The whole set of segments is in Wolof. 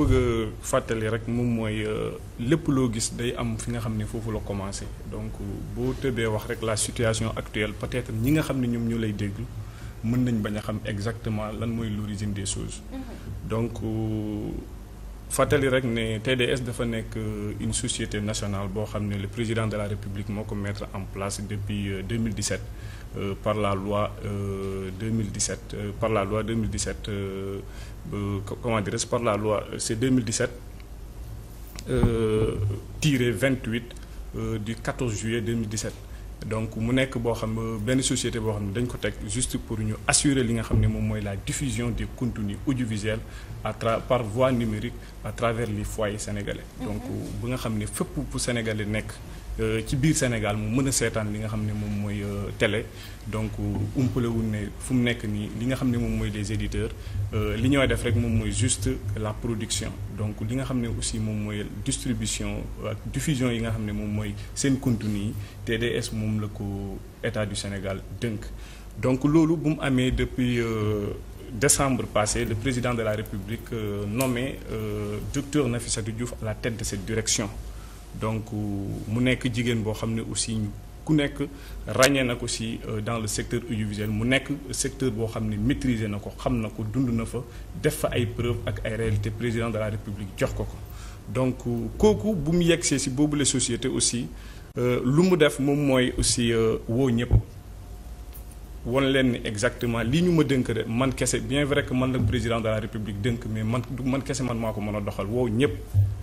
bëgg fàttali rek moom mooy euh, lépp loo gis day am fi nga xam ne foofu la commencé donc boo tëbee wax rek la situation actuelle peut-être ñi nga xam ne ñoom ñu lay déglu mën nañ bañ a xam exactement lan mooy l'origine des choses mm-hmm. euh, fàttali rek ne TDS dafa nekk euh, une société nationale boo xam ne le président de la République moo ko mettre en place depuis 2017 euh, euh, par la loi euh, 2017 euh, par la loi 2017 euh, comment dirais-je par la loi c'est 2017 tiré 28 du 14 juillet 2017 donc mu nekk boo xam benn société boo xam ne dañ ko teg juste pour ñu assurer li nga xam ne moom mooy la diffusion des contenus audiovisuels à tra par voie numérique à travers les foyers sénégalais. donc bu nga xam ne fépp bu sénégalais nekk. Euh, ci biir Sénégal mu mën a seetaan li nga xam ne moom mooy euh, télé donc umpalewul ne fu mu nekk nii li nga xam ne moom mooy les éditeurs euh, li ñooy def rek moom mooy juste la production donc li nga xam ne aussi moom mooy distribution ak diffusion yi nga xam ne moom mooy seen contenu yi TDS moom la ko état du Sénégal dënk donc loolu bu mu amee depuis décembre passé le président de la République nommé na fi Diouf à la tête de cette direction donc euh, mu nekk jigéen boo xam ne aussi ku nekk ràññee na ko si euh, dans le secteur audiovisuel mu nekk secteur boo xam ne maîtriser na ko xam na ko dund na fa def fa ay preuve ak ay réalité président de la république jox ko ko donc euh, kooku bu mu yegsee si boobu la société aussi lu mu def moom mooy aussi woo ñëpp won leen ni exactement li ñu ma dënk de man kese bien vrai que man la président de la république dënk mais man man kese man maa ko mën a doxal woo ñëpp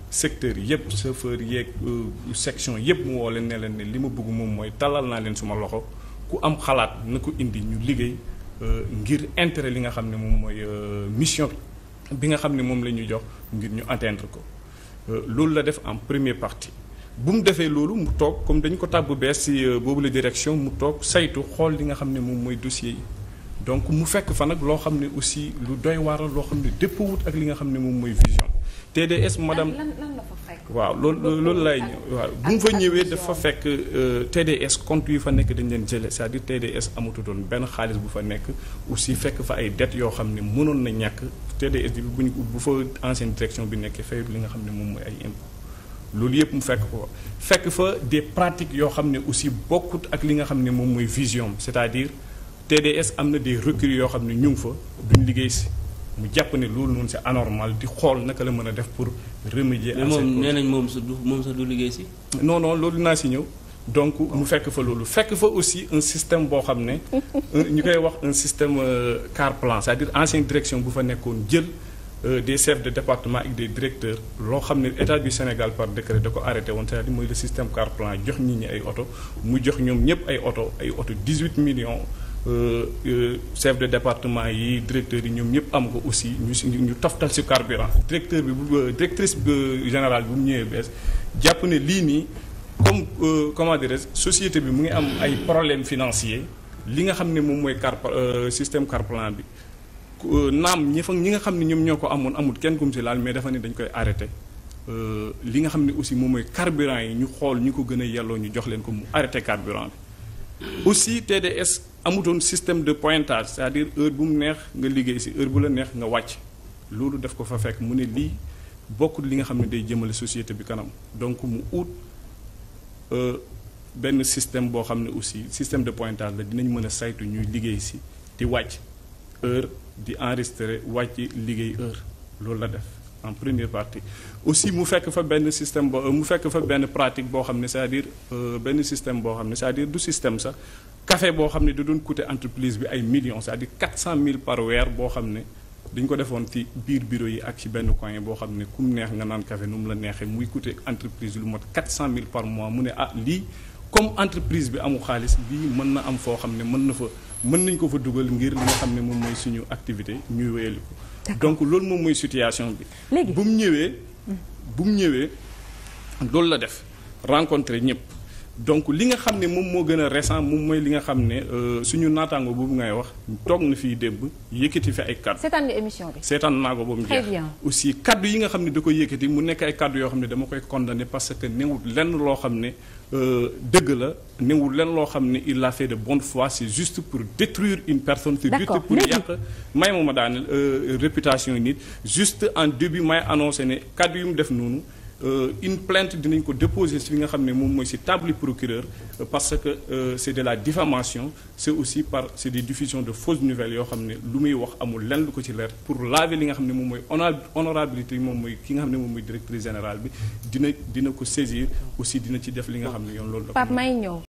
secteur yëpp chauffeur yeeg euh, section yëpp mu woo leen ne leen ne li ma bugg moom mooy talal naa leen suma loxo ku am xalaat na ko indi ñu liggéey euh, ngir intérêt li nga xam ne moom mooy euh, mission bi nga xam ne moom la ñu jox ngir ñu atteindre ko loolu la def en premier partie bu mu defee loolu mu toog comme dañ ko tàgg bees si boobu la direction mu toog saytu xool li nga xam ne moom mooy dossier yi donc mu fekk fa nag loo xam ne aussi lu doy waar loo xam ne dëppawut ak li nga xam ne moom mooy vision TDS madame waaw loolu loolu laay ñëw waaw bu mu fa ñëwee dafa fekk euh, TDS compte yu fa nekk dañ leen jële c'est-à-dire TDS amatutoon benn xaalis bu fa nekk aussi fekk fa ay dettes yoo xam ne mënoon na ñàkk TDS bi bu ñu bu fa ancienne direction bi nekkee fay li nga xam ne moom mooy ay impôts loolu yëpp mu fekk ko fekk fa des pratique yoo xam ne aussi bokkut ak li nga xam ne moom mooy vision c'est-à-dire TDS am na des recrues yoo xam ne ñu ngi fa duñ liggéey si mu jàpp ne loolu noonu c'est anormal di xool naka la mën a def pour remédier. à cette mais moom nee moom sa du moom sa du liggéey si. non loolu naa si ñëw. donc mu fekk fa loolu fekk fa aussi un système boo xam ne ñu koy wax un système euh, car plan c'est-à-dire ancienne bu fa nekkoon jël euh, des chefs de département ak loo xam ne état du Sénégal par décret da ko arrêté woon cest à mooy le système car plan jox nit ñi ay oto mu jox ñoom ñëpp ay oto ay oto 18 million Euh, euh, chef de département yi directeurs yi ñoom ñëpp am ko aussi ñu si ñu taftal si carburant directeur bi bu euh, directrice générale bu mu ñëwee bees jàpp ne lii nii comme comment dirais société bi mu ngi am ay problèmes financiers li nga xam ne moom mooy car système carplan bi naam ñi fa ñi nga xam ne ñoom ñoo ko amoon amul kenn kum si laal mais dafa ne dañ koy arrêté li nga xam ne aussi moom mooy carburant yi ñu xool ñu ko gën a yelloo ñu jox leen ko mu arrêté carburant bi aussi TDS amutoon système de pointage c'est-à-dire heure bu mu neex nga liggéey si heure bu la neex nga wàcc loolu def ko fa fekk mu ne lii bokkul li nga xam ne day jëmale société bi kanam donc mu ut euh, benn système boo xam ne aussi système de pointage la dinañ mën a saytu ñuy liggéey si di wàcc heure di enregistrer wàcc liggéey heure loolu la def en première partie aussi mu fekk fa benn système bo mu fekk fa benn pratique boo xam ne c'est-à-dire euh, benn système boo xam ne c'est-à-dire du système sax café boo xam ne du doon coûter entreprise bi ay million c'est-à-dire 400 000 par weer boo xam ne dañ ko defoon ci biir bureau yi ak ci benn coin boo xam ne ku mu neex nga naan kafe nu mu la neexee muy coûter entreprise lu mot 400 000 par mois mu ne ah lii comme entreprise bi amul xaalis lii mën na am foo xam ne mën na fa mën nañ ko fa dugal ngir li xam ne moom mooy suñu activité ñuy we donc loolu moom mooy situation bi bu mu ñëwee bu mu ñëwee loolu la def rencontré ñëpp donc li nga xam ne moom moo gën a récent moom mooy li nga xam ne euh, suñu naataango boobu ngay wax toog na fi démb yëkkati fi ay kaddu. seetaan nga émission bi. seetaan naa ko ba mu jeex yi nga xam ne da koy yëkkati mu nekk ay kaddu yoo xam ne dama koy condamné parce que newul lenn loo xam ne euh, dëgg la newul lenn loo xam ne il l'a fait de bonne fois c'est juste pour détruire une personne. si juste pour yàq may ma ma daaneel euh, réputation nit juste en début may annoncé ne kaddu yu mu def noonu. Euh, une plainte dinañ ko déposé si li nga xam ne moom mooy si table procureur euh, parce que euh, c'est de la diffamation c'est aussi par c'est des diffusions de fausses nouvelles yoo xam ne lu muy wax amul lenn lu ko ci leer pour laver li nga xam ne moom mooy honorabilité moom mooy ki nga xam ne moom moy directrice générale bi dina dina ko saisir aussi dina ci def li nga xam ne yoon loolu la